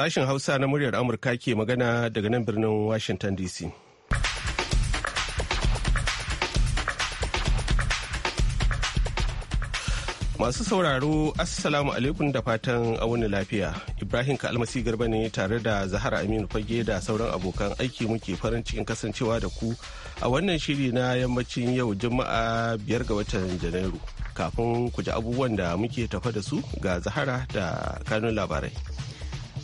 Sashen Hausa na muryar Amurka ke magana daga nan birnin Washington DC. Masu sauraro, Assalamu alaikum da fatan wani lafiya. Ibrahim Kalmasi Garba ne tare da Zahara Aminu Fage da sauran abokan aiki muke farin cikin kasancewa da ku a wannan shiri na yammacin yau Juma'a biyar ga watan Janairu. Kafin ku ji abubuwan da muke tafa da su ga Zahara da kanun labarai.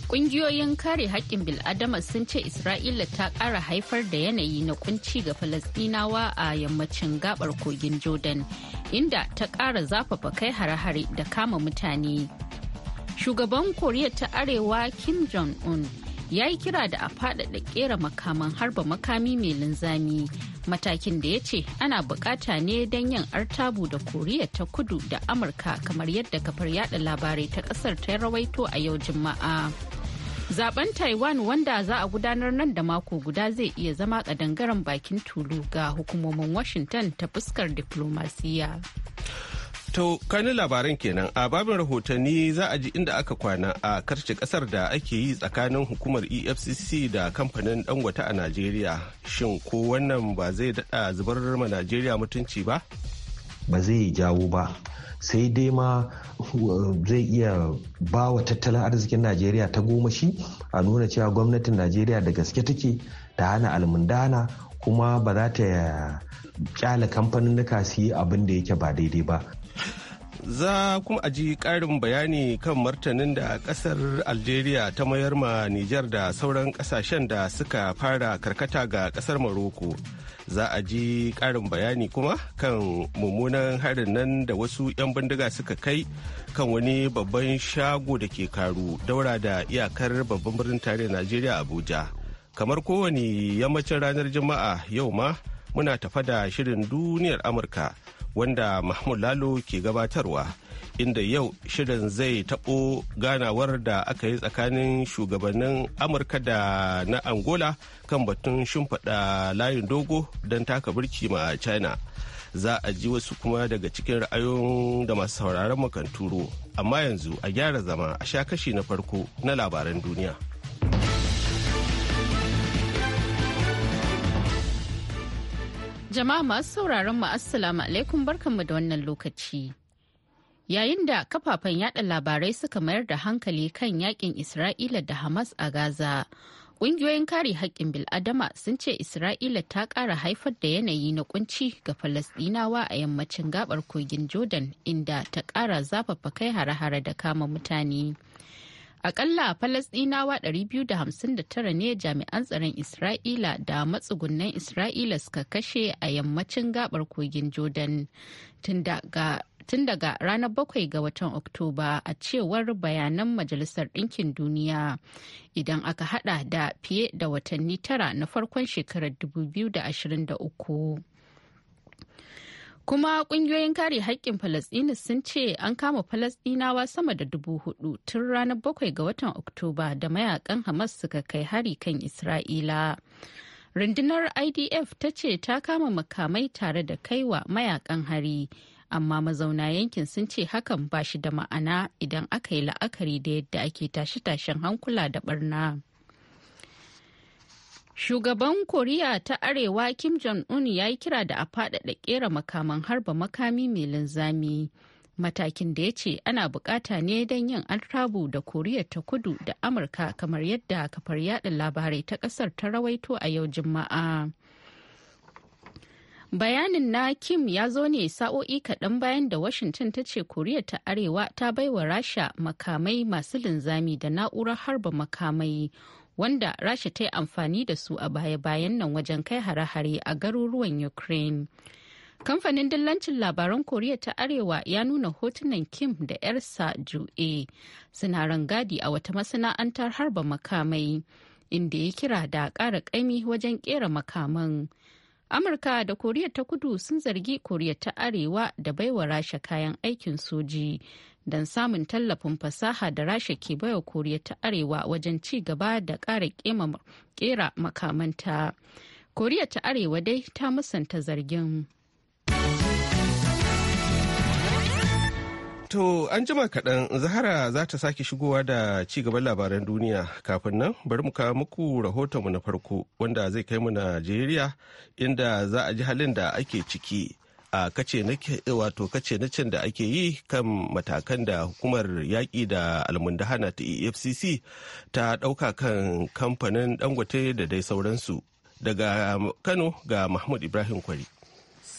Ƙungiyoyin kare haƙƙin bil'adama sun ce Isra'ila ta ƙara haifar da yanayi na kunci ga Falasɗinawa a yammacin gabar kogin Jordan, inda ta ƙara zafafa kai hare-hare da kama mutane. Shugaban Koriya ta Arewa Kim Jong-un ya yi kira da a faɗaɗa ƙera makaman harba makami mai linzami, matakin da ya ce ana bukata ne don yin artabu da Koriya ta kudu da Amurka kamar yadda kafar yada labarai ta ƙasar ta rawaito a yau Juma'a. Zaben Taiwan wanda za a gudanar nan da mako guda zai iya zama kadangaren bakin tulu ga hukumomin Washington ta fuskar diplomasiya. To kani labaran kenan a babin rahotanni za a ji inda aka kwana a karce kasar da ake yi tsakanin hukumar EFCC da kamfanin dangwata a Najeriya. Shin ko wannan ba zai daɗa zubar ma Najeriya mutunci ba? Ba zai jawo ba. sai dai ma uh, zai iya ba wa tattalin arzikin najeriya ta goma shi a nuna cewa gwamnatin najeriya da gaske take da hana almundana kuma ba za ta uh, kyale kamfanin su yi abin da yake ba daidai ba za kuma a ji ƙarin bayani kan martanin da ƙasar algeria ta mayar ma nijar da sauran ƙasashen da suka fara karkata ga ƙasar maroko za a ji ƙarin bayani kuma kan mummunan harin nan da wasu 'yan bindiga suka kai kan wani babban shago da ke karu daura da iyakar babban birnin tare najeriya abuja kamar kowane yammacin ranar juma'a yau ma muna tafa da shirin duniyar amurka wanda Mahmud Lalo ke gabatarwa inda yau shirin zai taɓo ganawar da aka yi tsakanin shugabannin Amurka da na Angola kan batun shimfiɗa layin dogo don taka birki ma China. Za a ji wasu kuma daga cikin ra'ayoyin da masu sauraron makan turo, amma yanzu a gyara zama a sha kashi na farko na labaran duniya. Jama'a masu sauraron mu assalamu alaikum barkanmu da wannan lokaci. Yayin da kafafen yada labarai suka mayar da hankali kan yakin Isra'ila da Hamas a Gaza, ƙungiyoyin kare haƙƙin bil'adama sun ce Isra'ila ta ƙara haifar da yanayi na kunci ga Falasɗinawa a yammacin gabar kogin Jordan inda ta ƙara zafafa kai hare-hare da kama mutane. Akalla Falasɗinawa 259 ne jami'an tsaron Isra'ila da matsugunan Isra'ila suka kashe a yammacin gabar kogin Jordan tun daga ranar bakwai ga watan Oktoba a cewar bayanan Majalisar Ɗinkin Duniya idan aka hada da fiye da watanni tara na farkon shekarar 2023. kuma kungiyoyin kare haƙƙin falasɗina sun ce an kama falasɗinawa sama da dubu hudu tun ranar bakwai ga watan oktoba da mayakan hamas suka kai hari kan isra'ila rundunar idf ta ce ta kama makamai tare da kaiwa mayakan hari amma mazauna yankin sun ce hakan ba shi da ma'ana idan aka yi la'akari da yadda ake tashe-tashen hankula da barna. Shugaban Koriya ta Arewa Kim Jong-un ya yi kira da a faɗaɗa ƙera makaman harba makami mai linzami. Matakin da ya ce ana bukata ne don yin alrabu da Koriya ta kudu da Amurka kamar yadda kafar yada labarai ta ƙasar ta rawaito a yau Juma'a. Bayanin na Kim ya zo ne sa'o'i kaɗan bayan da Washington ta ce Koriya ta Arewa ta baiwa Rasha makamai masu linzami da na'urar harba makamai wanda rasha ta yi amfani da su a baya-bayan nan wajen kai hare-hare a garuruwan ukraine kamfanin dillancin labaran koriya ta arewa ya nuna hotunan kim da yarsa ju'e suna rangadi a wata masana'antar harba makamai inda ya kira da ƙara ƙaimi wajen ƙera makaman amurka da koriya ta kudu sun zargi koriya ta arewa da baiwa rasha kayan aikin soji don samun tallafin fasaha da rasha ke baiwa koriya ta arewa wajen ci gaba da ƙara kera makamanta koriya ta arewa dai ta musanta zargin To an jima kaɗan Zahara za ta sake shigowa da ci gaban labaran duniya kafin nan bari mu kawo muku rahotonmu na farko wanda zai kai mu Najeriya inda za a ji halin da ake ciki a kace eh, wato kace na cin da ake yi kan matakan da hukumar yaƙi da almundahana ta efcc ta ɗauka kan kamfanin dangote da dai sauransu daga um, kano ga mahmud ibrahim kwari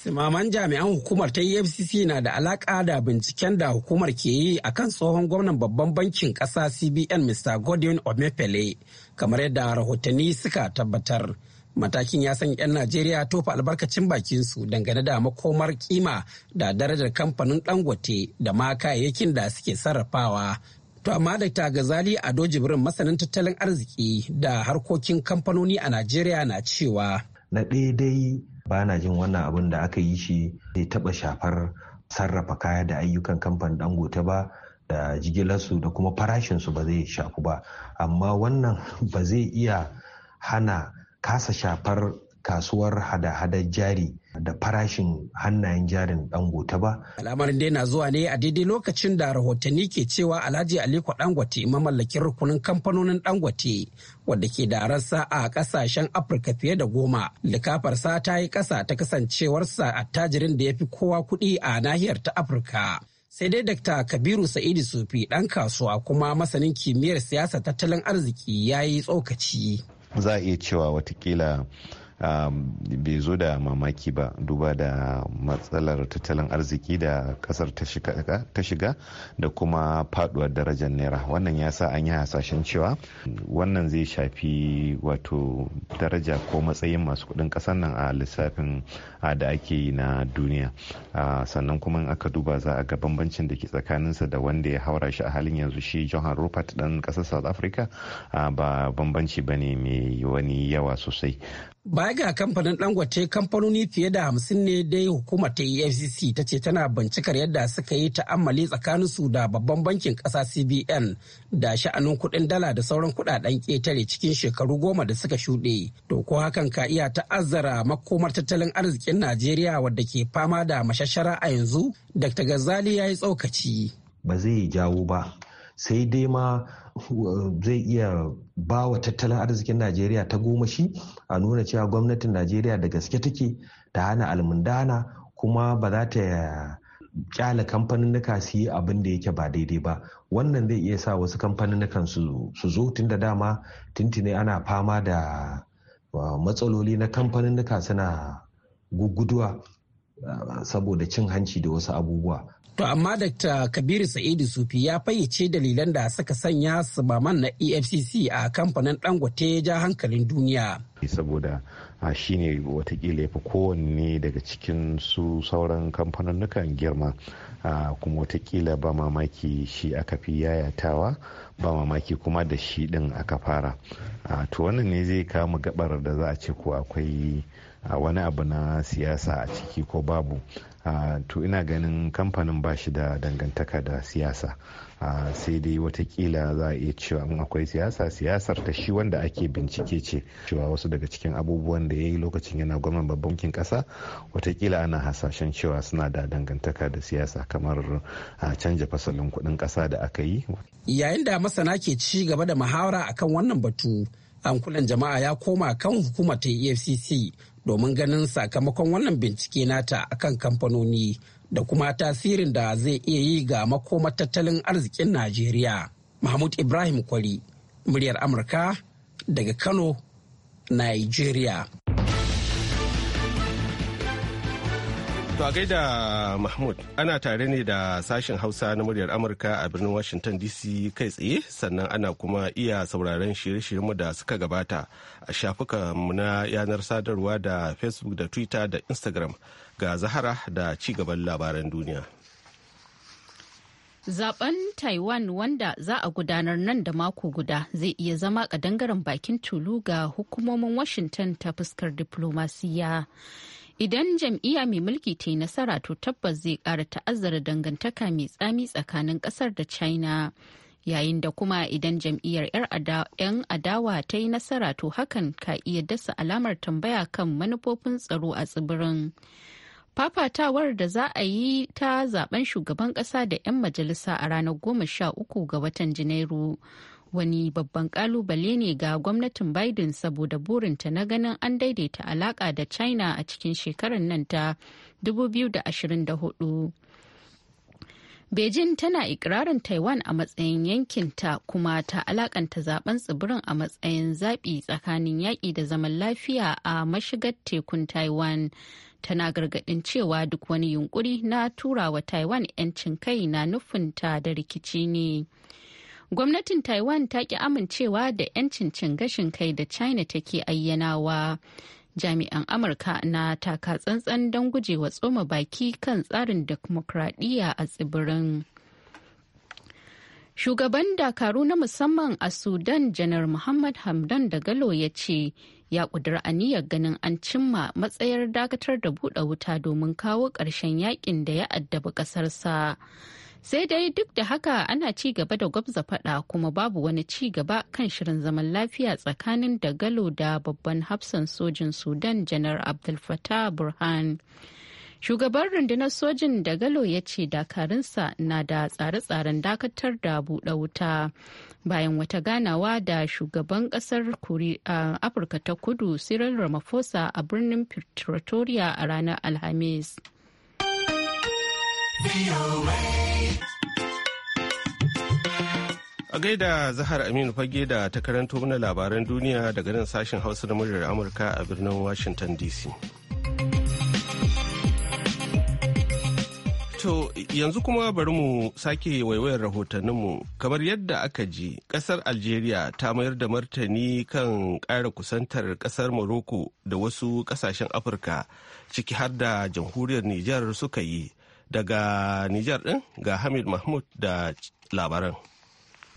Simaman jami'an hukumar ta EFCC na da alaƙa da binciken da hukumar ke yi a kan tsohon gwamnan babban bankin ƙasa CBN Mr. Godwin Omefele, kamar yadda rahotanni suka tabbatar. matakin ya san 'yan najeriya tofa albarkacin su dangane da makomar kima da darajar kamfanin dangote da ma kayayyakin da suke sarrafawa to amma da gazali a doji birin masanin tattalin arziki da harkokin kamfanoni a najeriya na cewa na daidai ba na jin wannan abin da aka yi shi zai taɓa shafar sarrafa kaya da ayyukan kamfanin dangote ba da jigilarsu da kuma farashinsu ba zai shafu ba amma wannan ba zai iya hana kasa shafar kasuwar hada-hadar jari da farashin hannayen jarin dangote ba. Al'amarin dai na zuwa ne a daidai lokacin da rahotanni ke cewa Alhaji Aliko Dangote mamallakin rukunin kamfanonin Dangote wadda ke da rassa a kasashen Afirka fiye da goma. Likafarsa ta yi kasa ta kasancewarsa tajirin da ya fi kowa kuɗi a nahiyar ta Afirka. sai dai Dr. Kabiru Sa'idu Sufi ɗan kasuwa kuma masanin kimiyyar siyasa tattalin arziki ya yi tsokaci. za a iya cewa watakila Um, bai zo da mamaki ba duba da matsalar tattalin arziki da kasar ta shiga da kuma faduwar darajar naira wannan ya sa an yi hasashen cewa wannan zai shafi wato daraja ko matsayin masu kudin kasar nan a lissafin da ake yi na duniya sannan kuma in aka duba za a ga bambancin da ke tsakaninsa da wanda ya haura shi a halin yanzu shi johan rupert dan kasar south africa ba bambanci ba ne mai wani yawa sosai Baya ga kamfanin Dangote kamfanoni fiye da hamsin ne dai hukumar ta EFCC ta ce tana bincikar yadda suka yi ta'ammali su da babban bankin ƙasa CBN da sha'anin kuɗin dala da sauran kuɗaɗen ketare cikin shekaru goma da suka shuɗe. To ko hakan ka iya ta'azzara makomar tattalin arzikin Najeriya wadda ke fama da mashashara a yanzu? Dr. Gazali ya yi tsokaci. Ba zai jawo ba sai dai ma uh, zai iya ba wa tattalin arzikin najeriya ta goma shi a nuna cewa gwamnatin najeriya da gaske take ta hana almundana kuma ba za ta kyale kamfaninnika su yi abin da yake ba daidai ba wannan zai iya sa wasu kamfaninnikan su zo tun da dama tuntune ana fama da uh, matsaloli na kamfaninnika suna guguduwa saboda cin hanci da wasu abubuwa. To amma Dr. Kabiru Sa'idu Sufi ya fayyace dalilan da suka sanya su subaman na EFCC a kamfanin Dangote ja hankalin duniya. Saboda a shi ne watakila ya fi kowanne daga cikin su sauran kamfanin girma kuma watakila ba mamaki shi aka fi yayatawa ba mamaki kuma da shi din aka fara. To wannan ne zai kama gabar da za a ce ko akwai a wani abu na siyasa a ciki ko babu to ina ganin kamfanin ba shi da dangantaka da siyasa sai dai watakila za a iya cewa in akwai siyasa siyasar ta shi wanda ake bincike ce cewa wasu daga cikin abubuwan da ya yi lokacin yana gwamnan babban bankin kasa watakila ana hasashen cewa suna da dangantaka da siyasa kamar canja fasalin kudin kasa da aka yi yayin da masana ke ci gaba da muhawara akan wannan batu an kulan jama'a ya koma kan hukumar ta efcc domin ganin sakamakon wannan bincike nata akan kamfanoni da kuma tasirin da zai iya yi ga makoma tattalin arzikin Najeriya. Mahmud Ibrahim Kwari, muryar Amurka daga Kano, Nigeria. To a gaida Mahmud ana tare ne da sashen Hausa na muryar Amurka a birnin Washington DC kai tsaye sannan ana kuma iya sauraron shirye-shiryenmu da suka gabata a shafukanmu na yanar sadarwa da Facebook da Twitter da Instagram ga Zahara da ci gaban labaran duniya. Zaben Taiwan wanda za a gudanar nan da mako guda zai iya zama kadangaren bakin tulu ga hukumomin Washington ta fuskar diplomasiya. Idan jam'iyya mai mulki ta yi nasara to tabbas zai ƙara ta'azzara dangantaka mai tsami tsakanin ƙasar da China. Yayin da kuma idan jam'iyyar 'yan adawa ta yi nasara to hakan ka iya dasa alamar tambaya kan manufofin tsaro a tsibirin. fafatawar da za a yi ta zaben shugaban ƙasa da 'yan majalisa a ranar 13 ga watan janairu wani babban kalubale ne ga gwamnatin biden saboda burinta na ganin an daidaita alaka da china a cikin shekarar nan ta 2024 Beijing tana ikirarin Taiwan a matsayin yankinta kuma ta alakanta zaben tsibirin a matsayin zaɓi tsakanin yaƙi da zaman lafiya a mashigar tekun Taiwan. Tana gargaɗin cewa duk wani yunkuri na turawa Taiwan 'yancin kai na nufinta da rikici ne. gwamnatin taiwan ta ki amincewa da 'yancin cin gashin kai da china take ayyanawa jami'an amurka na taka tsantsan don gujewa tsoma baki kan tsarin demokradiyya a tsibirin shugaban dakaru na musamman a sudan janar muhammad hamdan da galo ya ce ya kudura aniyar ganin an cimma matsayar dakatar da buɗe wuta domin kawo ƙarshen yakin da ya addaba ƙasarsa. sai dai duk da haka ana ci gaba da gwabza fada kuma babu wani ci gaba kan shirin zaman lafiya tsakanin da galo da babban hafsan sojin sudan janar abdul fatah burhan shugaban rundunar sojin da galo ya ce dakarunsa na da tsare-tsaren dakatar da buɗe wuta bayan wata ganawa da shugaban ƙasar afirka ta kudu cyril ramaphosa a birnin pretoria a ranar alhamis A gaida Zahar Aminu fage da ta karanto mana labaran duniya daga nan sashen Hausa na muryar Amurka a birnin Washington DC. To yanzu kuma bari mu sake waiwayar rahotanninmu kamar yadda aka ji kasar Algeria ta mayar da martani kan ƙara kusantar kasar Morocco da wasu ƙasashen Afirka ciki har da jamhuriyar Nijar suka yi daga Nijar ɗin ga Hamid Mahmud da labaran.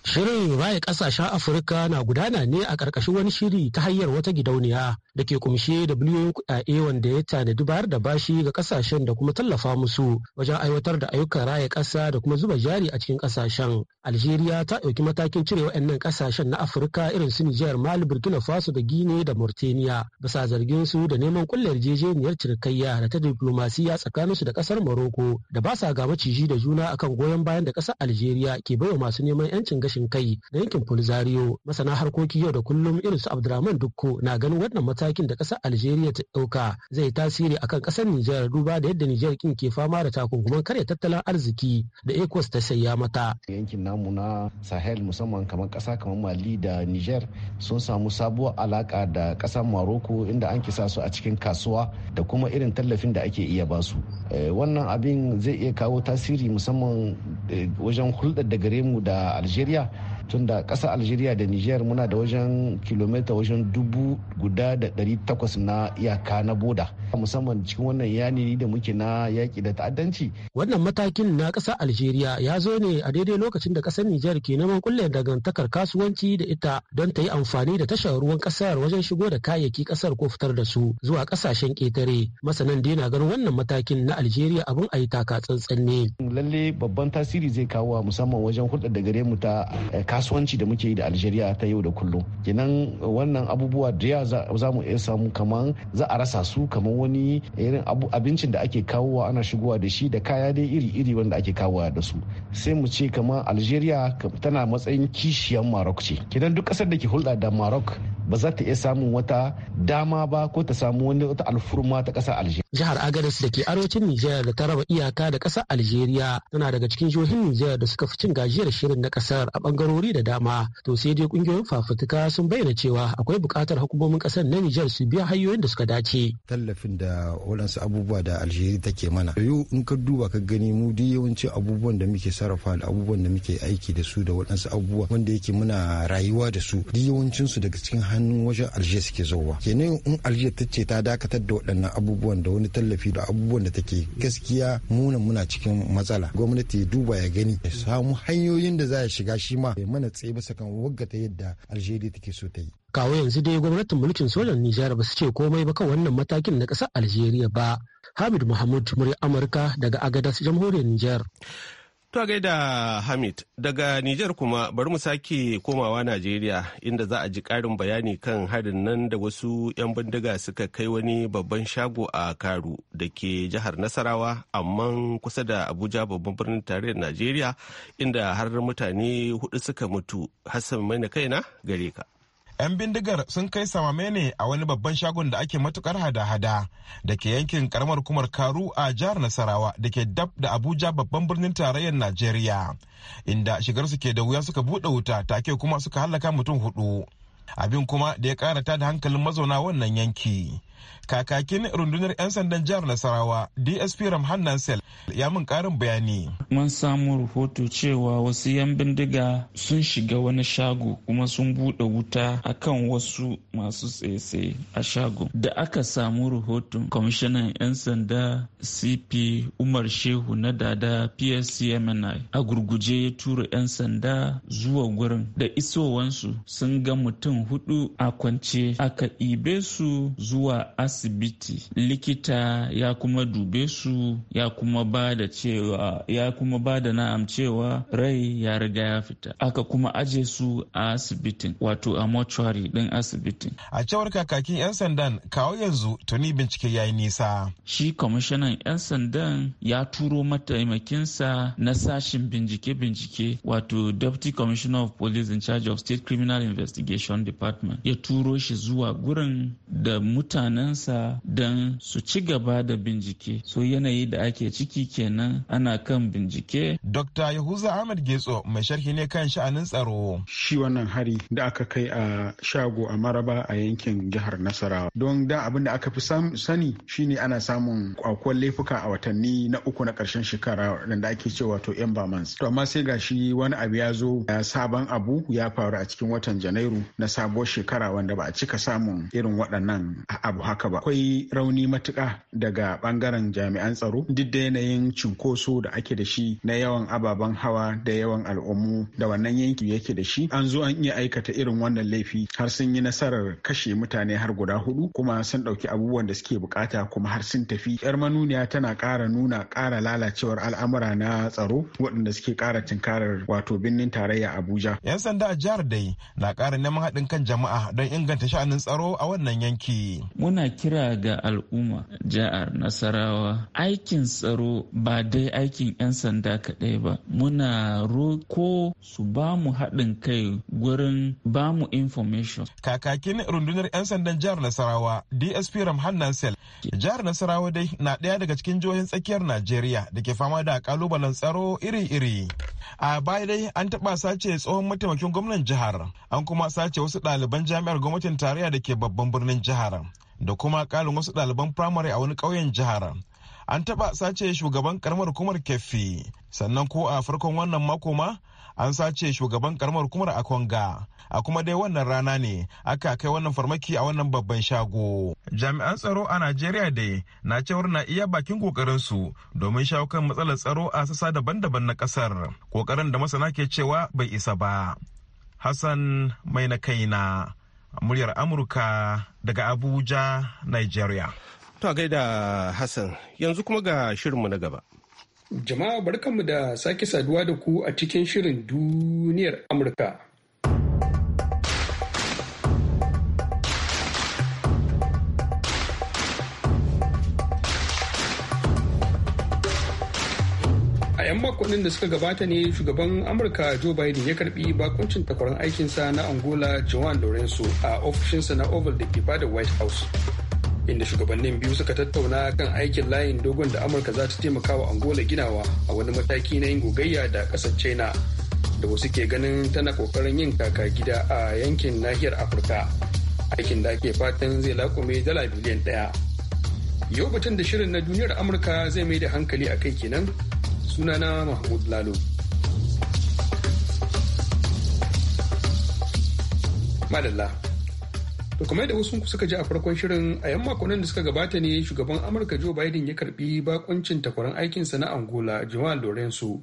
Shirin raya kasashen Afirka na gudana ne a ƙarƙashin wani shiri ta hanyar wata gidauniya da ke kumshe da biliyoyin kuɗaɗe wanda ya tanadi bayar da bashi ga kasashen da kuma tallafa musu wajen aiwatar da ayyukan raya ƙasa da kuma zuba jari a cikin kasashen. Algeria ta ɗauki matakin cire waɗannan kasashen na Afirka irin su Nijar, Mali, Burkina Faso da Guinea da Mauritania bisa zargin su da neman kullar yarjejeniyar cinikayya da ta diplomasiya tsakanin su da ƙasar Morocco da ba sa gaba ciji da juna akan goyon bayan da ƙasar Algeria ke baiwa masu neman 'yancin gashin kai na yankin polisario masana harkoki yau da kullum irin su abdurrahman dukko na ganin wannan matakin da kasar algeria ta ɗauka zai tasiri akan kasar nijar duba da yadda nijar kin ke fama da takunkuman karya tattalin arziki da ecos ta saya mata yankin namu na sahel musamman kamar kasa kamar mali da nijar sun samu sabuwar alaka da kasar maroko inda an kisa su a cikin kasuwa da kuma irin tallafin da ake iya basu eh, wannan abin zai iya kawo tasiri musamman eh, wajen hulɗar da gare mu da algeria Yeah. tunda ƙasa algeria da niger muna da wajen kilomita wajen dubu guda da ɗari takwas na iyaka na boda musamman cikin wannan yani da muke na yaƙi da ta'addanci wannan matakin na ƙasar algeria ya zo ne a daidai lokacin da ƙasar niger ke neman kulle dangantakar kasuwanci da ita don ta yi amfani da tashar ruwan ƙasar wajen shigo da kayayyaki ƙasar ko fitar da su zuwa ƙasashen ƙetare masanan dai na ganin wannan matakin na algeria abin a yi taka tsantsan ne lalle babban tasiri zai kawo musamman wajen hulɗar da gare mu ta eh, kasuwanci da muke yi da algeria ta yau da kullum kenan wannan abubuwa da ya za mu iya samu kamar za a rasa su kamar wani irin abincin da ake kawowa ana shigowa da shi da kaya dai iri-iri wanda ake kawowa da su sai mu ce kamar algeria tana matsayin kishiyan maroc ce kenan duk ƙasar da ke hulɗa da maroc ba za ta iya samun wata dama ba ko ta samu wani wata alfurma ta ƙasar Algeria. Jihar Agadez da ke arewacin Nijar da ta raba iyaka da ƙasar aljeriya tana daga cikin jihohin Nijar da suka fi cin gajiyar shirin na kasar a bangarori da dama. To sai dai ƙungiyoyin fafutuka sun bayyana cewa akwai bukatar hukumomin kasar na Nijar su biya hanyoyin da suka dace. Tallafin da waɗansu abubuwa da Algeria take mana. Yau in ka duba ka gani mu duk yawanci abubuwan da muke sarrafa da abubuwan da muke aiki da su da waɗansu abubuwa wanda yake muna rayuwa da su duk yawancinsu daga cikin hannun wajen alje suke zowa kenan in alje ta ce ta dakatar da waɗannan abubuwan da wani tallafi da abubuwan da take gaskiya muna muna cikin matsala gwamnati ya duba ya gani ya samu hanyoyin da za ya shiga shi ma ya mana tsaye bisa kan waggata yadda algeria take so ta yi kawo yanzu dai gwamnatin mulkin sojan nijar ba su ce komai ba kan wannan matakin na ƙasar algeria ba hamid muhammad murya amurka daga agadas jamhuriyar nijar To gaida Hamid daga Nijar kuma bari mu sake komawa Najeriya inda za a ji ƙarin bayani kan harin nan da wasu 'yan bindiga suka kai wani babban shago a Karu da ke jihar Nasarawa amma kusa da Abuja babban birnin tarayyar Najeriya inda har mutane hudu suka mutu Hassan mai na kaina gare ka. 'yan bindigar sun kai samame ne a wani babban shagon da ake matukar hada-hada da ke yankin karamar kumar karu a jihar nasarawa da ke dab da abuja babban birnin tarayyar najeriya inda shigarsu ke da wuya suka bude wuta take kuma suka halaka mutum hudu abin kuma da ya karata da hankalin mazauna wannan yanki kakakin rundunar 'yan sandan jihar nasarawa dsp ramhan nansel ya mun karin bayani mun samu rahoto cewa wasu 'yan bindiga sun shiga wani shago kuma sun bude wuta akan wasu masu tsaye a shago da aka samu rahoton kwamishinan 'yan sanda cp umar shehu na dada pscmni a gurguje ya tura 'yan sanda zuwa gurin da isowansu sun ga mutum hudu a kwance aka ibe su zuwa A asibiti likita ya kuma dube su ya kuma ba da cewa ya kuma ba da na'am cewa rai ya riga ya fita aka kuma aje su a asibitin wato a mortuary din asibitin a cewar kakakin 'yan sandan kawo yanzu tuni bincike ya yi nisa shi kwamishinan 'yan sandan ya turo mataimakinsa na sashin bincike-bincike wato deputy commissioner of police in charge of state criminal investigation department ya turo shi zuwa gurin da mutanen mutanensa don su ci gaba da bincike so yanayi da ake ciki kenan ana kan bincike dr yahuza ahmad getso mai sharhi ne kan sha'anin tsaro shi wannan hari da aka kai a shago a maraba a yankin jihar nasarawa don da abin da aka fi sani shine ana samun kwakwar laifuka a watanni na uku na karshen shekara da ake cewa to yan bamans to amma sai gashi wani abu ya zo sabon abu ya faru a cikin watan janairu na sabuwar shekara wanda ba a cika samun irin waɗannan abu haka ba akwai rauni matuka daga bangaren jami'an tsaro duk da yanayin cunkoso da ake da shi na yawan ababen hawa da yawan al'ummu da wannan yanki yake da shi an zo an iya aikata irin wannan laifi har sun yi nasarar kashe mutane har guda hudu kuma sun ɗauki abubuwan da suke bukata kuma har sun tafi yar manuniya tana ƙara nuna ƙara lalacewar al'amura na tsaro waɗanda suke ƙara tinkarar wato birnin tarayya abuja yan sanda a jihar dai na ƙara neman haɗin kan jama'a don inganta sha'anin tsaro a wannan yanki muna ana kira ga al'umma jihar nasarawa aikin tsaro ba dai aikin 'yan sanda kaɗai ba muna roko su ba mu haɗin kai gurin ba mu information kakakin rundunar 'yan sandan jihar nasarawa dsp ramhan nansel jihar nasarawa dai na ɗaya daga cikin jihohin tsakiyar najeriya da ke fama da kalubalen tsaro iri-iri a baya dai an taɓa sace tsohon mataimakin gwamnan jihar an kuma sace wasu ɗaliban jami'ar gwamnatin tarayya da ke babban birnin jihar da kuma ƙarin wasu ɗaliban firamare a wani ƙauyen jihar an taɓa sace shugaban karamar hukumar keffi sannan ko a farkon wannan mako ma an sace shugaban karamar hukumar a konga a kuma dai wannan rana ne aka kai wannan farmaki a wannan babban shago jami'an tsaro a najeriya dai na cewar na iya bakin su domin shawo kan matsalar tsaro a sassa daban-daban na kasar kokarin da masana ke cewa bai isa ba hassan mai na kaina muryar Amurka daga Abuja, Nigeria. To gaida Hassan, yanzu kuma ga shirinmu na gaba. Jama'a barkanmu da sake saduwa da ku a cikin shirin duniyar Amurka. 'yan makonnin da suka gabata ne shugaban amurka joe biden ya karbi bakuncin takwarar aikinsa na angola joan lorenzo a ofishinsa na oval da ke bada white house inda shugabannin biyu suka tattauna kan aikin layin dogon da amurka za ta taimaka wa angola ginawa a wani mataki na yin gogayya da kasar china da wasu ke ganin tana kokarin yin kaka gida a yankin nahiyar afirka aikin da ake fatan zai lakume dala biliyan daya yau batun da shirin na duniyar amurka zai mai da hankali a kai kenan sunana mahmud lalo madalla to kamar da wasu suka ji a farkon shirin a yan makonnin da suka gabata ne shugaban amurka joe biden ya karbi bakuncin takwaran aikinsa na angola joan lorenzo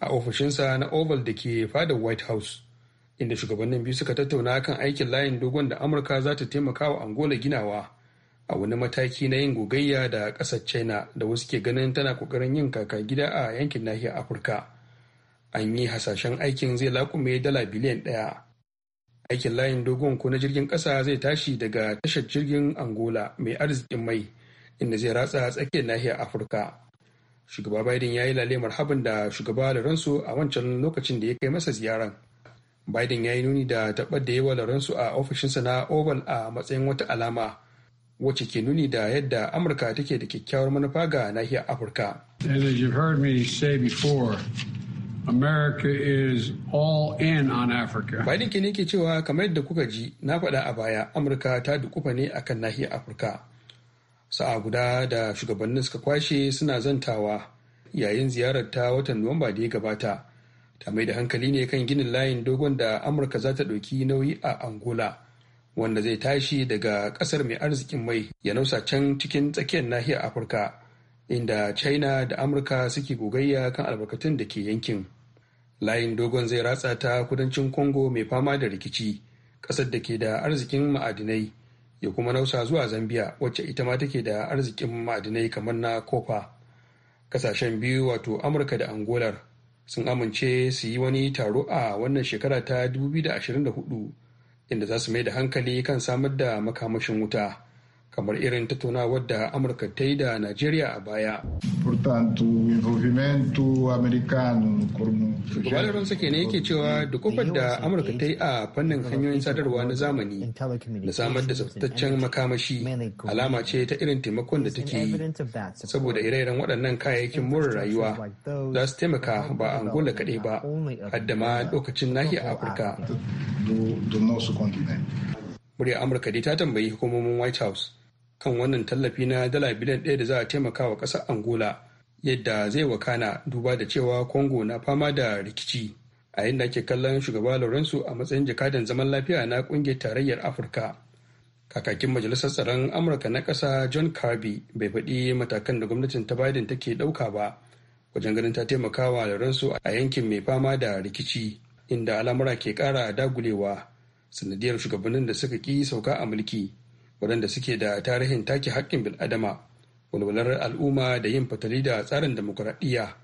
a ofishinsa na oval da ke fada white house inda shugabannin biyu suka tattauna kan aikin layin dogon da amurka za ta taimaka wa angola ginawa a wani mataki na yin gogayya da ƙasar china da wasu ke ganin tana ƙoƙarin yin kaka gida a yankin nahiyar afirka an yi hasashen aikin zai lakume dala biliyan ɗaya aikin layin dogon ko na jirgin ƙasa zai tashi daga tashar jirgin angola mai arzikin mai inda zai ratsa tsakiyar nahiyar afirka shugaba biden ya yi lalemar habin da shugaba laransu a wancan lokacin da ya kai masa ziyaran biden ya yi nuni da taɓar da yawa laransu a ofishinsa na oval a matsayin wata alama wacce ke nuni da yadda amurka take da kyakkyawar manufa ga nahiyar afirka America is all in on Africa. Biden ke ne ke cewa kamar yadda kuka ji na faɗa a baya Amurka ta dukufa ne akan nahiyar Afirka. Sa'a guda da shugabannin suka kwashe suna zantawa yayin ziyarar ta watan Nuwamba da ya gabata. Ta mai da hankali ne kan ginin layin dogon da Amurka za ta ɗauki nauyi a Angola. wanda zai tashi daga kasar mai arzikin mai ya nausa can cikin tsakiyar nahiyar afirka inda china da amurka suke gogayya kan albarkatun da ke yankin layin dogon zai ratsa ta kudancin congo mai fama da rikici kasar da ke da arzikin ma'adinai ya kuma nausa zuwa zambia wacce ita ma take da arzikin ma'adinai kamar na kofa kasashen biyu wato amurka da angolar sun amince su yi wani taro a wannan shekara ta 2024 inda za su mai da hankali kan samar da makamashin wuta kamar irin tattaunawar wadda amurka ta yi da nigeria a baya gabanin ransa kenan yake cewa kofar da amurka ta yi a fannin hanyoyin sadarwa na zamani na samar da tsabtaccen makamashi alama ce ta irin taimakon da take yi saboda ire-iren waɗannan kayayyakin more rayuwa za su taimaka ba a angola kaɗai ba hadda ma lokacin a afirka murya amurka dai ta tambayi hukumomin white house kan wannan tallafi na dala biliyan ɗaya da za a taimaka wa ƙasar angola yadda zai wakana duba da cewa congo na fama da rikici a yadda ake kallon shugaba lorenzo a matsayin jakadan zaman lafiya na ƙungiyar tarayyar afirka kakakin majalisar tsaron amurka na ƙasa john kirby bai faɗi matakan da gwamnatin ta biden take ɗauka ba wajen ganin ta taimaka wa lorenzo a yankin mai fama da rikici inda al'amura ke ƙara dagulewa sanadiyar shugabannin da suka ƙi sauka a mulki waɗanda suke da tarihin take haƙƙin bil'adama walwalar al'umma da yin fatali da tsarin demokuraɗiyya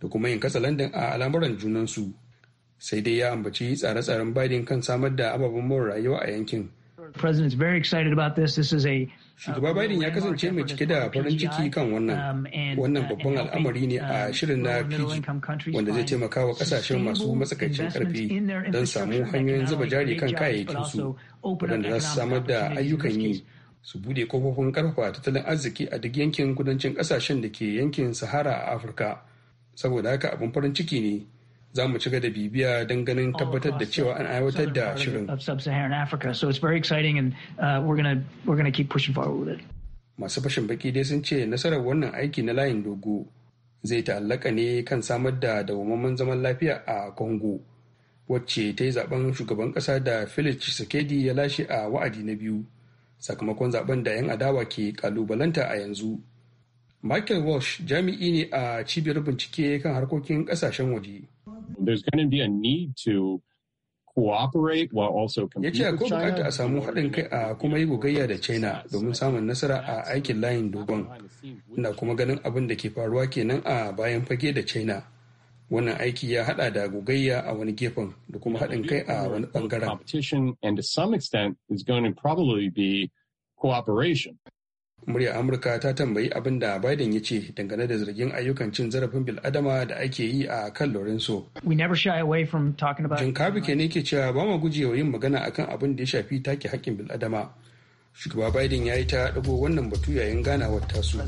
da kuma yin katsalandan a al'amuran junansu sai dai ya ambaci tsare-tsaren biden kan samar da ababen more rayuwa a yankin president's very excited about this. This is a shugaba biden ya kasance mai cike da farin ciki kan wannan wannan babban al'amari ne a shirin na fiji wanda zai taimaka wa kasashen masu matsakaicin karfi don samu hanyoyin zuba jari kan kayayyakinsu waɗanda za su samar da ayyukan yi su bude kofofin karfa tattalin arziki a duk yankin kudancin kasashen da ke yankin sahara a afirka saboda haka abin farin ciki ne za mu ci da bibiya don ganin tabbatar da cewa an aiwatar da uh, shirin. Uh, Masu fashin baki dai sun ce nasarar wannan aiki na layin dogo zai ta'allaka ne kan samar da dawwammamen zaman lafiya a Congo, wacce ta yi zaben shugaban ƙasa da Felix Tshisekedi ya lashe a wa'adi na biyu, sakamakon zaben da 'yan adawa ke kalubalanta a yanzu. Michael Walsh jami'i ne a cibiyar bincike kan harkokin ƙasashen waje. There's going to be a need to cooperate while also competing. china wannan aiki ya hada da gogayya a wani gefen da kuma haɗin kai a wani muryar amurka ta tambayi abin da biden ya ce dangane da zargin ayyukan cin zarafin biladama da ake yi a kan lorenzo jin ke ne ke cewa ba guje gujewa yin magana akan abin da ya shafi take haƙƙin biladama shugaba biden ya yi ta ɗago wannan batu yayin ganawar tasu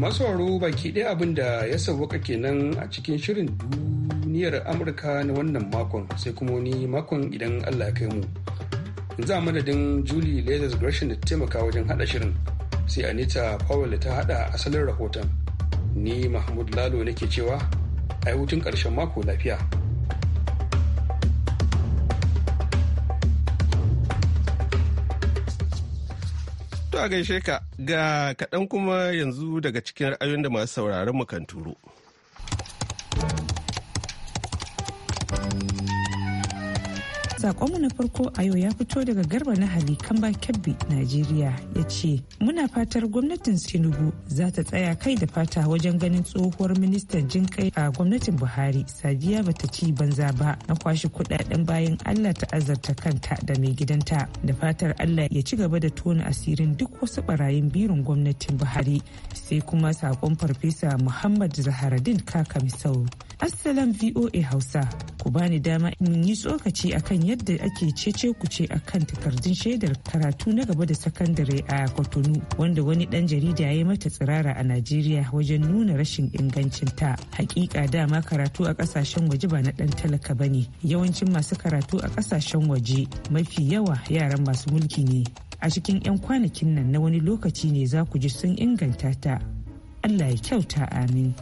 masu baki ɗaya abin da ya sauwaka kenan a cikin shirin duk duniyar Amurka na wannan makon sai kuma wani makon idan Allah ya kai mu. za a madadin Julie Lazarus Gresham da taimaka wajen haɗa shirin sai Anita Powell ta haɗa asalin rahoton. Ni Mahmud Lalo nake cewa a hutun ƙarshen mako lafiya. To a gaishe ka ga kaɗan kuma yanzu daga cikin ra'ayoyin da masu sauraron mu kan turo. Sakonmu na farko a yau ya fito daga garba na hali kamba kebbi Najeriya ya ce muna fatar gwamnatin Tinubu za ta tsaya kai da fata wajen ganin tsohuwar ministan jinkai a gwamnatin Buhari Sadiya ta ci banza ba na kwashe kudaden bayan Allah ta azarta kanta da mai gidanta da fatar Allah ya ci gaba da tona asirin duk wasu barayin birin gwamnatin Buhari sai kuma sakon farfesa Muhammad Zaharadin Kaka Misau. Assalam VOA Hausa ku bani dama in yi tsokaci akan yadda ake cece kuce a kan takardun shaidar karatu na gaba da sakandare a Kotonu wanda wani ɗan jarida ya yi mata tsirara a Najeriya wajen nuna rashin ingancinta. Hakika dama karatu a kasashen waje ba na dan talaka ba ne. Yawancin masu karatu a kasashen waje mafi yawa yaran masu mulki ne. A cikin 'yan kwanakin nan na wani lokaci ne za ku ji sun inganta ta. Allah ya kyauta amin.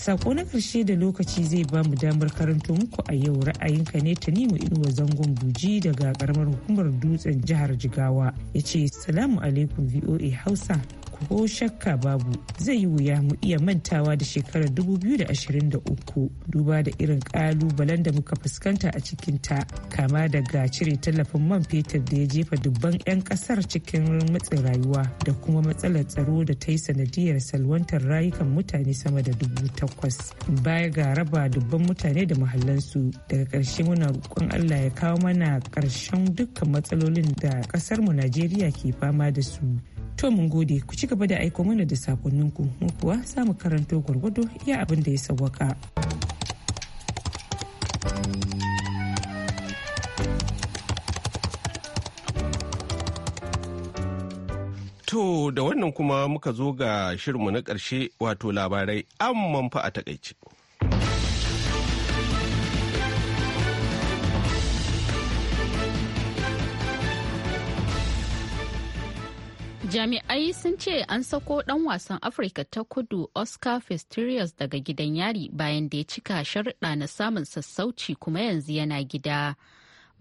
Sako na ƙarshe da lokaci zai ba mu damar karanto muku a yau ra'ayinka ne ta Tanimu Inuwa Zangon Buji daga karamar hukumar dutsen jihar Jigawa. Ya ce, Salamu alaikum VOA Hausa. ko shakka babu zai yi wuya mu iya mantawa da shekarar 2023 duba da irin kalubalen da muka fuskanta a cikin ta kama daga cire tallafin man fetur da ya jefa dubban 'yan kasar cikin matsin rayuwa da kuma matsalar tsaro da ta yi sanadiyar salwantar rayukan mutane sama da dubu takwas baya ga raba dubban mutane da mahallansu daga ƙarshe muna roƙon allah ya kawo mana ƙarshen dukkan matsalolin da ƙasarmu najeriya ke fama da su To mun gode ku ci gaba da aiko mana da sakonninku mu kuwa samu karanto gwargwado iya abin da ya sawwaka. To da wannan kuma muka zo ga shirinmu na ƙarshe wato labarai amman fa a takaice. Jami'ai sun ce an sako dan wasan Afirka ta kudu Oscar Pistorius daga gidan yari bayan da ya cika sharuɗa na samun sassauci kuma yanzu yana gida.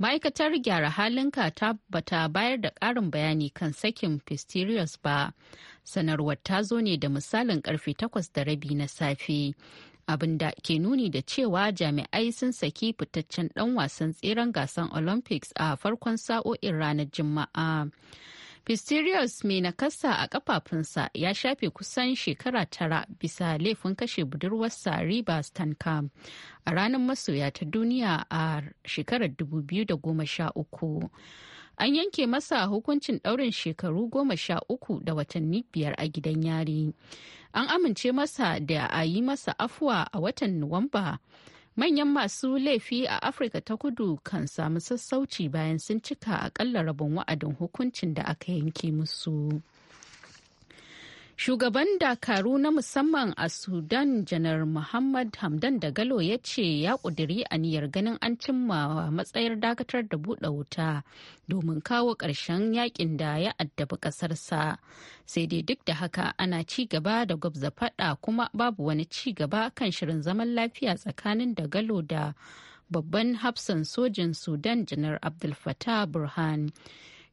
Ma'aikatar gyara halinka ta bata bayar da ƙarin bayani kan sakin Pistorius ba. Sanarwar ta zo ne da misalin karfe takwas da rabi na safe. abin da ke nuni da cewa jami'ai sun saki fitaccen dan wasan tseren gasan olympics a farkon sa'o'in ranar juma'a. pistorius mai nakasa a kafafunsa ya shafe kusan shekara tara bisa laifin kashe budurwarsa riba stankam a ranar masoya ta duniya a shekarar 2013 an yanke masa hukuncin ɗaurin shekaru goma sha uku da watanni biyar a gidan yari an amince masa da a yi masa afuwa a watan nuwamba manyan masu laifi a afirka ta kudu kan samu sassauci bayan sun cika akalla rabin wa'adin hukuncin da aka yanke musu. Shugaban dakaru na musamman a Sudan janar Muhammad Hamdan Dagalo ya ce ya ƙudiri aniyar ganin an cimma matsayar dakatar da buɗe wuta domin kawo ƙarshen yakin da ya addabi ƙasarsa. Sai dai duk da haka ana ci gaba da gwabza faɗa kuma babu wani ci gaba kan shirin zaman lafiya tsakanin Dagalo da babban hafsan sojin Sudan janar Abdul Fattah Burhan.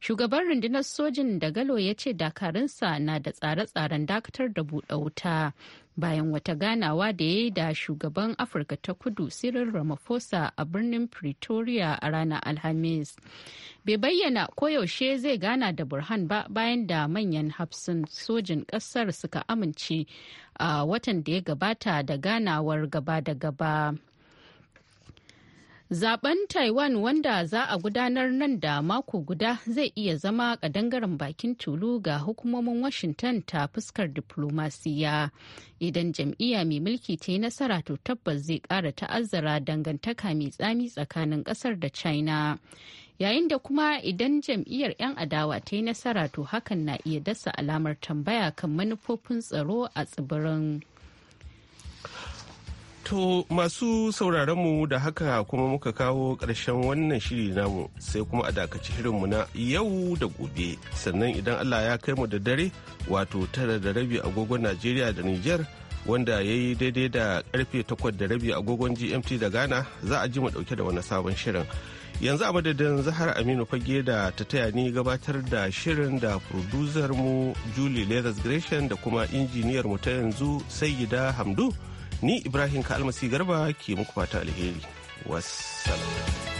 shugaban rundunar sojin da galo ya ce dakarunsa na da tsare-tsaren dakatar da buɗe wuta bayan wata ganawa da ya yi da shugaban afirka ta kudu cyril ramaphosa a birnin pretoria a ranar alhamis bai bayyana koyaushe zai gana da burhan ba bayan da manyan hafsin sojin kasar suka amince a watan da ya gabata da ganawar gaba da gaba Zaben Taiwan wanda za a gudanar nan da mako guda zai iya zama kadangaren bakin tulu ga hukumomin Washington ta fuskar diplomasiya. Idan jam'iyya mai mulki ta yi nasara to tabbas zai kara ta'azzara dangantaka mai tsami tsakanin kasar da China. Yayin da kuma idan jam'iyyar 'yan adawa ta yi nasara to hakan na iya dasa alamar tambaya kan manufofin tsaro a tsibirin. To masu sauraronmu da haka kuma muka kawo ƙarshen wannan shiri namu sai kuma a dakaci shirinmu na yau da gobe sannan idan Allah ya kai mu da dare wato tara da rabi agogon Najeriya da Nijar wanda ya yi daidai da karfe takwas da rabi agogon GMT da Ghana za a ji mu dauke da wani sabon shirin. Yanzu a madadin Zahar Aminu Fage da ta taya ni gabatar da shirin da producer mu Julie Leathers Gresham da kuma injiniyar mu ta yanzu Sayyida Hamdu. ni ibrahim ka almasi garba ke muku fata alheri wassalam